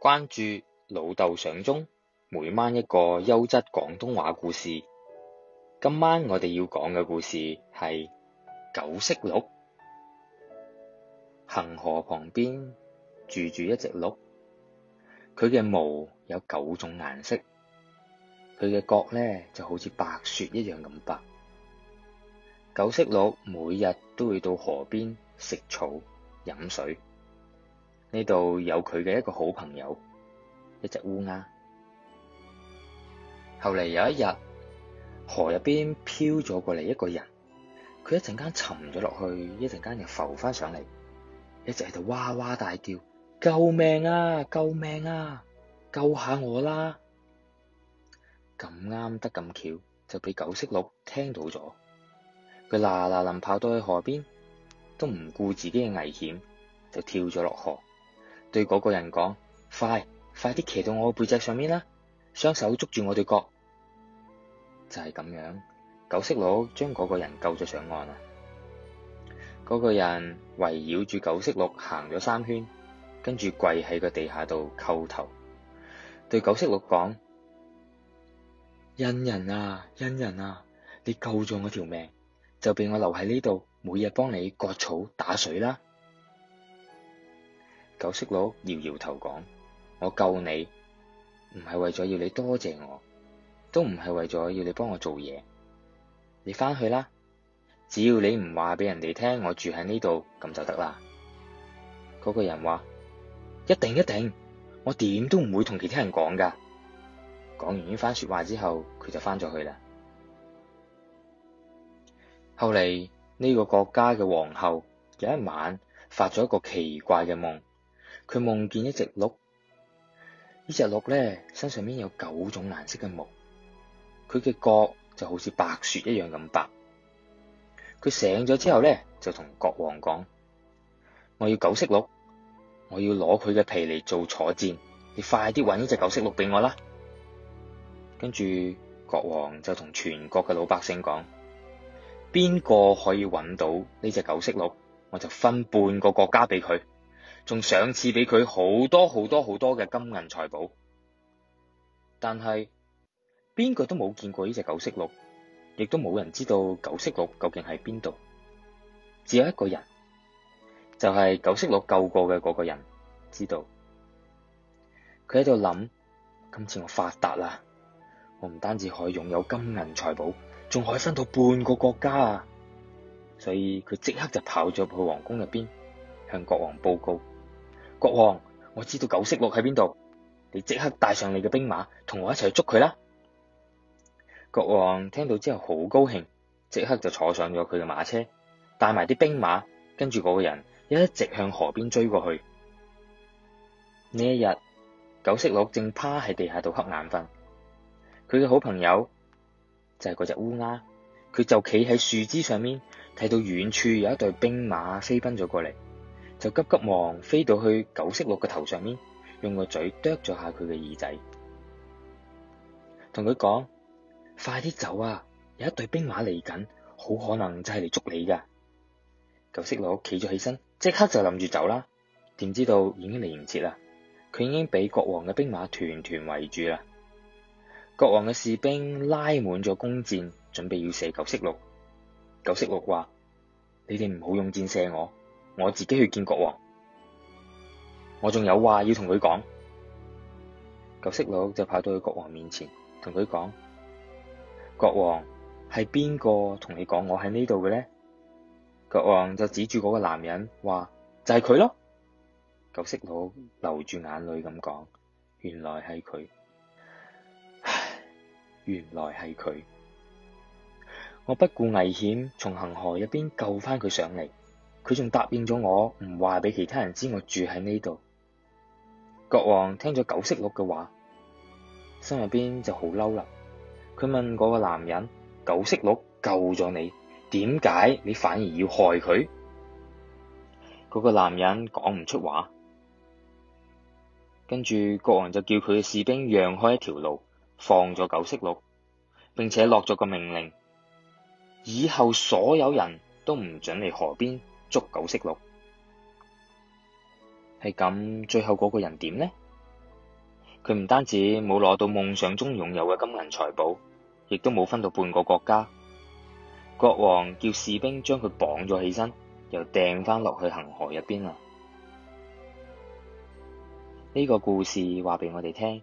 關注老豆上中，每晚一個優質廣東話故事。今晚我哋要講嘅故事係九色鹿。恒河旁邊住住一隻鹿，佢嘅毛有九種顏色，佢嘅角咧就好似白雪一樣咁白。九色鹿每日都會到河邊食草、飲水。.呢度有佢嘅一個好朋友，一隻烏鴉。後嚟有一日，河入邊漂咗過嚟一個人，佢一陣間沉咗落去，一陣間又浮翻上嚟，一直喺度哇哇大叫：救命啊！救命啊！救下我啦！咁啱得咁巧，就俾九色鹿聽到咗，佢嗱嗱臨跑到去河邊，都唔顧自己嘅危險，就跳咗落河。對嗰個人講：快，快啲騎到我背脊上面啦！雙手捉住我對角，就係、是、咁樣。九色鹿將嗰個人救咗上岸啦。嗰、那個人圍繞住九色鹿行咗三圈，跟住跪喺個地下度叩頭，對九色鹿講：恩人啊，恩人啊，你救咗我條命，就俾我留喺呢度，每日幫你割草打水啦。九色鹿搖搖頭講：我救你唔係為咗要你多謝我，都唔係為咗要你幫我做嘢。你翻去啦，只要你唔話俾人哋聽我住喺呢度，咁就得啦。嗰個人話：一定一定，我點都唔會同其他人講噶。講完呢番說話之後，佢就翻咗去啦。後嚟呢個國家嘅皇后有一晚發咗一個奇怪嘅夢。佢夢見一隻鹿，呢隻鹿咧身上面有九種顏色嘅毛，佢嘅角就好似白雪一樣咁白。佢醒咗之後咧就同國王講：我要九色鹿，我要攞佢嘅皮嚟做坐氈，你快啲搵呢隻九色鹿俾我啦！跟住國王就同全國嘅老百姓講：邊個可以搵到呢隻九色鹿，我就分半個國家俾佢。仲賞賜俾佢好多好多好多嘅金銀財寶，但係邊個都冇見過呢隻九色鹿，亦都冇人知道九色鹿究竟喺邊度。只有一個人，就係九色鹿救過嘅嗰個人知道。佢喺度諗：今次我發達啦，我唔單止可以擁有金銀財寶，仲可以分到半個國家啊！所以佢即刻就跑咗去皇宮入邊，向國王報告。國王，我知道九色鹿喺邊度，你即刻帶上你嘅兵馬，同我一齊去捉佢啦！國王聽到之後好高興，即刻就坐上咗佢嘅馬車，帶埋啲兵馬，跟住嗰個人一一直向河邊追過去。呢一日，九色鹿正趴喺地下度瞌眼瞓，佢嘅好朋友就係嗰隻烏鴉，佢就企喺樹枝上面，睇到遠處有一隊兵馬飛奔咗過嚟。就急急忙飛到去九色鹿嘅頭上面，用個嘴啄咗下佢嘅耳仔，同佢講：快啲走啊！有一隊兵馬嚟緊，好可能就係嚟捉你噶。九色鹿企咗起身，即刻就諗住走啦。點知道已經嚟唔切啦，佢已經俾國王嘅兵馬團團團圍住啦。國王嘅士兵拉滿咗弓箭，準備要射九色鹿。九色鹿話：你哋唔好用箭射我。我自己去見國王，我仲有話要同佢講。九色鹿就跑到去國王面前，同佢講：國王，係邊個同你講我喺呢度嘅呢？國王就指住嗰個男人話：就係、是、佢咯。九色鹿流住眼淚咁講：原來係佢，唉，原來係佢。我不顧危險，從恆河入邊救翻佢上嚟。佢仲答應咗我，唔話俾其他人知我住喺呢度。國王聽咗九色鹿嘅話，心入邊就好嬲啦。佢問嗰個男人：九色鹿救咗你，點解你反而要害佢？嗰個男人講唔出話，跟住國王就叫佢嘅士兵讓開一條路，放咗九色鹿，並且落咗個命令：以後所有人都唔准嚟河邊。捉九色鹿。係咁，最後嗰個人點呢？佢唔單止冇攞到夢想中擁有嘅金銀財寶，亦都冇分到半個國家。國王叫士兵將佢綁咗起身，又掟翻落去恒河入邊啦。呢個故事話俾我哋聽，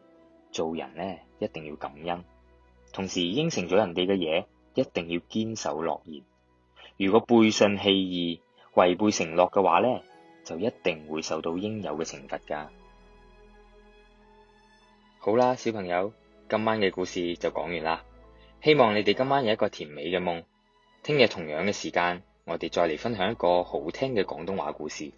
做人呢一定要感恩，同時應承咗人哋嘅嘢一定要堅守諾言。如果背信棄義，違背承諾嘅話呢，就一定會受到應有嘅懲罰㗎。好啦，小朋友，今晚嘅故事就講完啦。希望你哋今晚有一個甜美嘅夢。聽日同樣嘅時間，我哋再嚟分享一個好聽嘅廣東話故事。